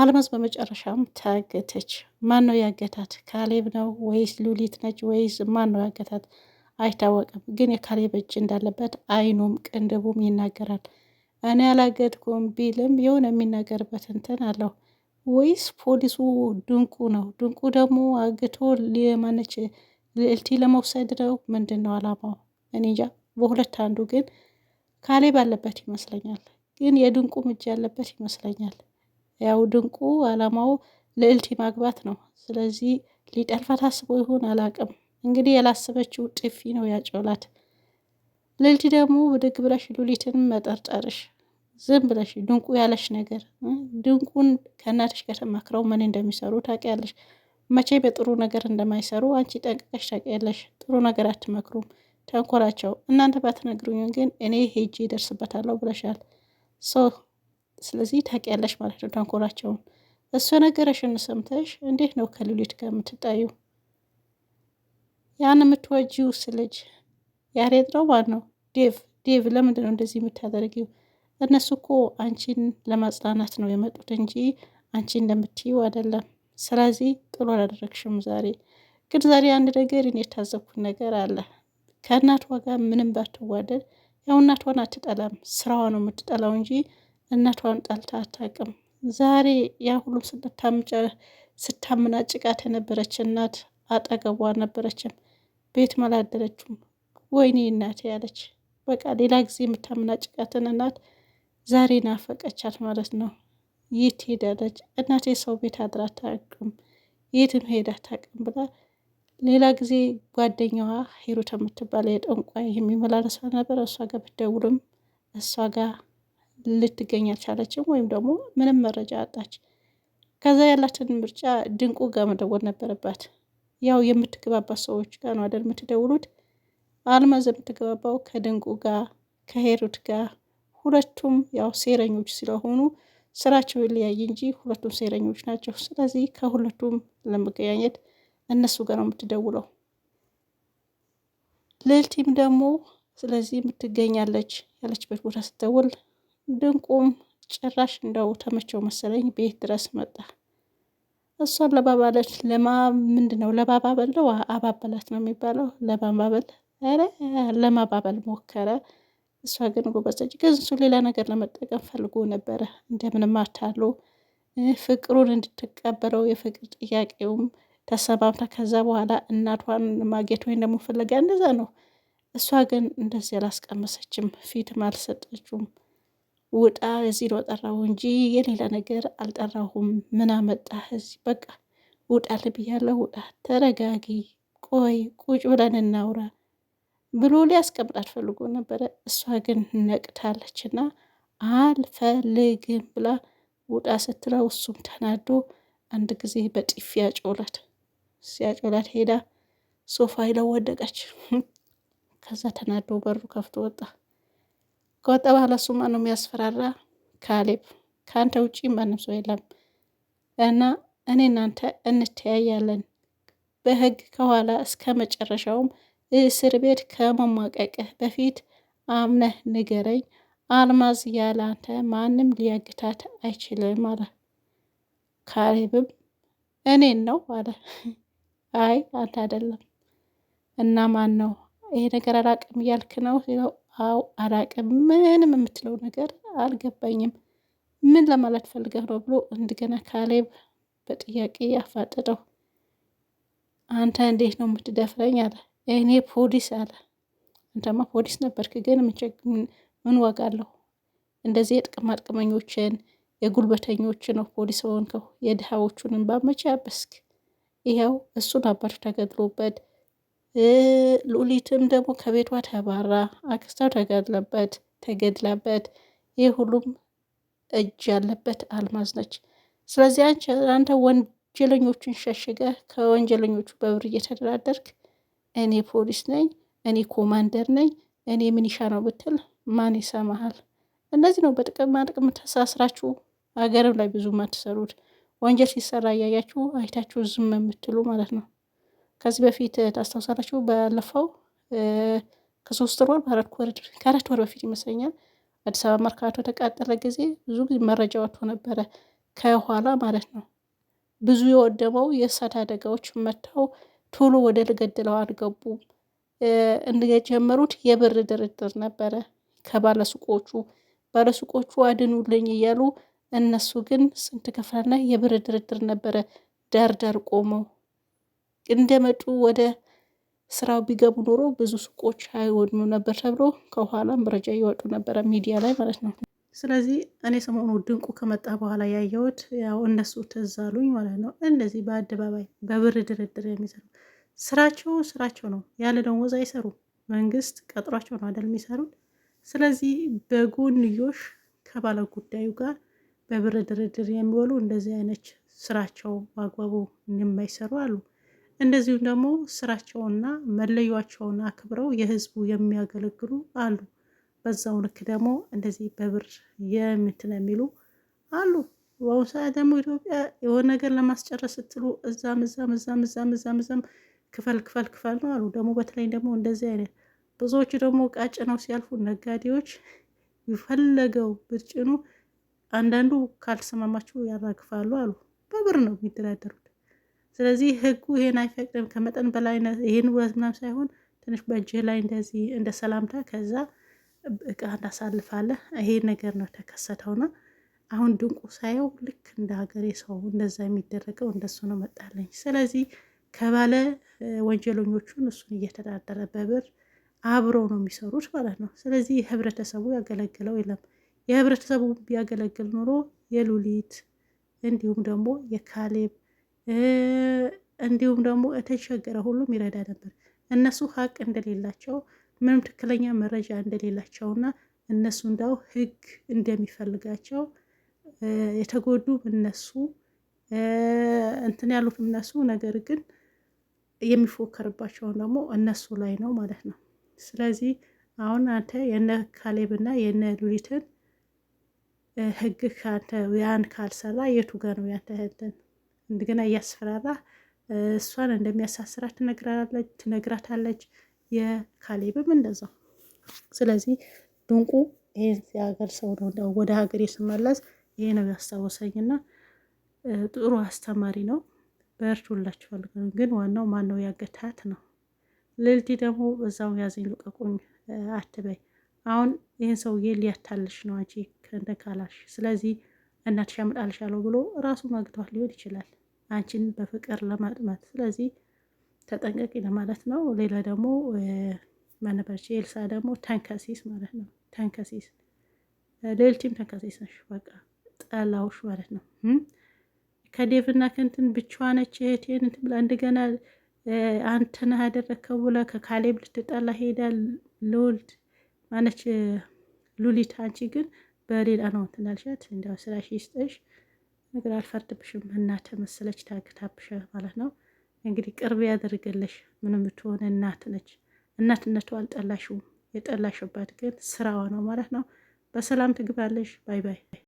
አልማዝ በመጨረሻም ታገተች። ማን ነው ያገታት? ካሌብ ነው ወይስ ሉሊት ነች ወይስ ማን ነው ያገታት? አይታወቅም። ግን የካሌብ እጅ እንዳለበት አይኑም ቅንድቡም ይናገራል። እኔ ያላገድኩም ቢልም የሆነ የሚናገርበት እንትን አለው። ወይስ ፖሊሱ ድንቁ ነው? ድንቁ ደግሞ አግቶ ማነች ልዕልቲ ለመውሰድ ነው? ምንድን ነው አላማው? እኔ እንጃ። በሁለት አንዱ ግን ካሌብ አለበት ይመስለኛል። ግን የድንቁም እጅ ያለበት ይመስለኛል። ያው ድንቁ አላማው ልዕልት ማግባት ነው። ስለዚህ ሊጠልፋት አስቦ ይሆን አላቅም። እንግዲህ የላሰበችው ጥፊ ነው ያጨውላት። ልዕልት ደግሞ ብድግ ብለሽ ሉሊትን መጠርጠርሽ ዝም ብለሽ ድንቁ ያለሽ ነገር ድንቁን ከእናትሽ ጋር ተማክረው ምን እንደሚሰሩ ታውቂያለሽ። መቼ በጥሩ ነገር እንደማይሰሩ አንቺ ጠንቅቀሽ ታውቂያለሽ። ጥሩ ነገር አትመክሩም፣ ተንኮላቸው እናንተ ባትነግሩኝ ግን እኔ ሄጄ ይደርስበታለሁ ብለሻል። ስለዚህ ታውቂያለሽ ማለት ነው ተንኮላቸውን። እሱ ነገረሽን ሰምተሽ እንዴት ነው ከሉሊት ጋር የምትጣዩ? ያን የምትወጂው ስልጅ ያሬድ ነው ማለት ነው። ዴቭ ዴቭ፣ ለምንድን ነው እንደዚህ የምታደርጊው? እነሱ እኮ አንቺን ለማጽናናት ነው የመጡት እንጂ አንቺ እንደምትይው አይደለም። ስለዚህ ጥሩ አላደረግሽም። ዛሬ ግን ዛሬ አንድ ነገር እኔ የታዘብኩት ነገር አለ። ከእናቷ ጋር ምንም ባትዋደድ ያው እናቷን አትጠላም፣ ስራዋ ነው የምትጠላው እንጂ እናቷን ጠልታ አታውቅም። ዛሬ ያ ሁሉም ጭቃት የነበረች እናት አጠገቧ ነበረችም፣ ቤት መላደረችም። ወይኔ እናቴ ያለች በቃ ሌላ ጊዜ ጭቃትን እናት ዛሬ ናፈቀቻት ማለት ነው። የት ሄዳለች እናቴ? ሰው ቤት አድራ አታውቅም፣ የትም ሄዳ አታውቅም ብላ ሌላ ጊዜ ጓደኛዋ ሂሩት የምትባለ የጠንቋይ የሚመላለሳ ነበር። እሷ ጋር ብትደውልም እሷ ጋር ልትገኝ አልቻለችም፣ ወይም ደግሞ ምንም መረጃ አጣች። ከዛ ያላትን ምርጫ ድንቁ ጋር መደወል ነበረባት። ያው የምትገባባት ሰዎች ጋር ነው አይደል የምትደውሉት። አልማዝ የምትገባባው ከድንቁ ጋር ከሄሩት ጋር ሁለቱም ያው ሴረኞች ስለሆኑ ስራቸው ይለያይ እንጂ ሁለቱም ሴረኞች ናቸው። ስለዚህ ከሁለቱም ለመገናኘት እነሱ ጋር ነው የምትደውለው። ሌልቲም ደግሞ ስለዚህ የምትገኛለች ያለችበት ቦታ ስትደውል ድንቁም ጭራሽ እንደው ተመቸው መሰለኝ ቤት ድረስ መጣ። እሷን ለባባለች። ለማ ምንድን ነው ለባባበል ነው አባበላት ነው የሚባለው ለማባበል ለማባበል ሞከረ። እሷ ግን ጎበዘች። ግን እሱ ሌላ ነገር ለመጠቀም ፈልጎ ነበረ። እንደምንም አታሎ ፍቅሩን እንድትቀበለው የፍቅር ጥያቄውም ተሰማምታ ከዛ በኋላ እናቷን ማግኘት ወይም ደግሞ ፈለጋ እንደዛ ነው። እሷ ግን እንደዚህ አላስቀመሰችም፣ ፊትም አልሰጠችውም። ውጣ፣ እዚህ ነው ጠራሁ እንጂ የሌላ ነገር አልጠራሁም። ምን አመጣህ እዚህ? በቃ ውጣ ልብያለሁ፣ ውጣ፣ ተረጋጊ፣ ቆይ፣ ቁጭ ብለን እናውራ ብሎ ሊያስቀምጣት ፈልጎ ነበረ። እሷ ግን ነቅታለች እና አልፈልግም ብላ ውጣ ስትለው እሱም ተናዶ አንድ ጊዜ በጥፊ ያጮላት ሲያጮላት ሄዳ ሶፋ ይለው ወደቀች። ከዛ ተናዶ በሩ ከፍቶ ወጣ። ከወጣ በኋላ እሱማ ነው የሚያስፈራራ ካሌብ ከአንተ ውጪ ማንም ሰው የለም እና እኔ እናንተ እንተያያለን በህግ ከኋላ እስከ መጨረሻውም እስር ቤት ከመሟቀቅህ በፊት አምነህ ንገረኝ። አልማዝ ያለ አንተ ማንም ሊያግታት አይችልም አለ። ካሌብም እኔን ነው አለ። አይ አንተ አይደለም እና ማን ነው? ይሄ ነገር አላቅም እያልክ ነው አው አላቅም ምንም የምትለው ነገር አልገባኝም። ምን ለማለት ፈልገህ ነው ብሎ እንደገና ካሌብ በጥያቄ ያፋጠጠው አንተ እንዴት ነው የምትደፍረኝ አለ። እኔ ፖሊስ አለ። አንተማ ፖሊስ ነበርክ ግን ምን ዋጋ አለው? እንደዚህ የጥቅማ ጥቅመኞችን የጉልበተኞችን ነው ፖሊስ ሆንከው። የድሃዎቹንም ባመቻ ያበስክ ይኸው እሱን አባቱ ተገድሎበት ሉሊትም ደግሞ ከቤቷ ተባራ አክስታው ተገድለበት ተገድላበት ይህ ሁሉም እጅ ያለበት አልማዝ ነች። ስለዚህ አንቺ አንተ ወንጀለኞቹን ሸሽገ ከወንጀለኞቹ በብር እየተደራደርክ እኔ ፖሊስ ነኝ፣ እኔ ኮማንደር ነኝ፣ እኔ ምንሻ ነው ብትል ማን ይሰማሃል? እነዚህ ነው በጥቅም ጥቅም ተሳስራችሁ ሀገርም ላይ ብዙ ማትሰሩት ወንጀል ሲሰራ እያያችሁ አይታችሁ ዝም የምትሉ ማለት ነው። ከዚህ በፊት ታስታውሳላችሁ፣ ባለፈው ከሶስት ወር በአራት ወር ከአራት ወር በፊት ይመስለኛል አዲስ አበባ መርካቶ ተቃጠለ ጊዜ ብዙ ጊዜ መረጃ ወጥቶ ነበረ፣ ከኋላ ማለት ነው። ብዙ የወደመው የእሳት አደጋዎች መጥተው ቶሎ ወደ ልገድለው አልገቡም። እንደጀመሩት የብር ድርድር ነበረ ከባለሱቆቹ ባለሱቆቹ አድኑልኝ እያሉ እነሱ ግን ስንት ከፍላና የብር ድርድር ነበረ ዳርዳር ቆመው እንደመጡ ወደ ስራው ቢገቡ ኖሮ ብዙ ሱቆች አይወድሙ ነበር ተብሎ ከኋላ መረጃ ይወጡ ነበረ ሚዲያ ላይ ማለት ነው። ስለዚህ እኔ ሰሞኑ ድንቁ ከመጣ በኋላ ያየሁት ያው እነሱ ትዝ ማለት ነው። እንደዚህ በአደባባይ በብር ድርድር የሚሰሩ ስራቸው ስራቸው ነው ያለ ደሞዝ አይሰሩ። መንግስት ቀጥሯቸው ነው አደል የሚሰሩት። ስለዚህ በጎንዮሽ ከባለ ጉዳዩ ጋር በብር ድርድር የሚወሉ እንደዚህ አይነት ስራቸው በአግባቡ የማይሰሩ አሉ። እንደዚሁም ደግሞ ስራቸውና መለያቸውን አክብረው የህዝቡ የሚያገለግሉ አሉ። በዛው ልክ ደግሞ እንደዚህ በብር የምትን የሚሉ አሉ። በአሁኑ ሰዓት ደግሞ ኢትዮጵያ የሆነ ነገር ለማስጨረስ ስትሉ እዛም እዛም እዛም እዛም እዛም እዛም ክፈል ክፈል ክፈል ነው አሉ። ደግሞ በተለይ ደግሞ እንደዚህ አይነት ብዙዎቹ ደግሞ ቃጭ ነው ሲያልፉ ነጋዴዎች የፈለገው ብርጭኑ አንዳንዱ ካልተሰማማቸው ያራግፋሉ አሉ። በብር ነው የሚደራደሩ። ስለዚህ ህጉ ይሄን አይፈቅድም። ከመጠን በላይ ይሄን ውረት ምናምን ሳይሆን ትንሽ በእጅህ ላይ እንደዚህ እንደ ሰላምታ ከዛ እቃ እንዳሳልፋለህ ይሄ ነገር ነው የተከሰተውና አሁን ድንቁ ሳየው ልክ እንደ ሀገሬ ሰው እንደዛ የሚደረገው እንደሱ ነው መጣለኝ። ስለዚህ ከባለ ወንጀለኞቹን እሱን እየተዳደረ በብር አብረው ነው የሚሰሩት ማለት ነው። ስለዚህ ህብረተሰቡ ያገለግለው የለም። የህብረተሰቡ ቢያገለግል ኑሮ የሉሊት እንዲሁም ደግሞ የካሌብ እንዲሁም ደግሞ የተቸገረ ሁሉም ይረዳ ነበር። እነሱ ሀቅ እንደሌላቸው ምንም ትክክለኛ መረጃ እንደሌላቸው እንደሌላቸውና እነሱ እንዳው ህግ እንደሚፈልጋቸው የተጎዱ እነሱ እንትን ያሉት እነሱ ነገር ግን የሚፎከርባቸውን ደግሞ እነሱ ላይ ነው ማለት ነው። ስለዚህ አሁን አንተ የነ ካሌብ ካሌብና የነ ሉሊትን ህግ ከአንተ ያን ካልሰራ የቱ ጋር ነው ያንተ ህግን እንደገና እያስፈራራ እሷን እንደሚያሳስራት ትነግራለች ትነግራታለች። የካሌብም እንደዛው። ስለዚህ ድንቁ ይህ የሀገር ሰው ነው። ወደ ሀገሬ ስመለስ ይሄ ነው ያስታወሰኝና ጥሩ አስተማሪ ነው። በርቱላችሁ። ግን ዋናው ማን ነው ያገታት ነው። ልልቲ ደግሞ በዛው ያዘኝ ልቀቁኝ አትበይ። አሁን ይህን ሰውዬ ሊያታልሽ ነው አንቺ ከንደካላሽ። ስለዚህ እናትሽ አምጣልሻለሁ ብሎ ራሱ መግቷት ሊሆን ይችላል አንቺን በፍቅር ለማጥማት። ስለዚህ ተጠንቀቂ ለማለት ነው። ሌላ ደግሞ መነበርች ኤልሳ ደግሞ ተንከሲስ ማለት ነው። ተንከሲስ ሌልቲም ተንከሲስ ነሽ፣ በቃ ጠላውሽ ማለት ነው። ከዴቭና ከንትን ብቻዋ ነች እህቴን እንትን ብላ እንደገና አንተ ነህ ያደረግከው ብላ ከካሌብ ልትጠላ ሄዳል። ልውልድ ማነች ሉሊት አንቺ ግን በሌላ ነው እንትን አልሻት። እንዲያው ስራሽ ይስጥሽ፣ ነገር አልፈርድብሽም። እናት መሰለች ታክታብሽ ማለት ነው እንግዲህ ቅርብ ያደርግልሽ። ምንም ብትሆን እናት ነች። እናትነቱ አልጠላሽውም። የጠላሽባት ግን ስራዋ ነው ማለት ነው። በሰላም ትግባለሽ። ባይ ባይ።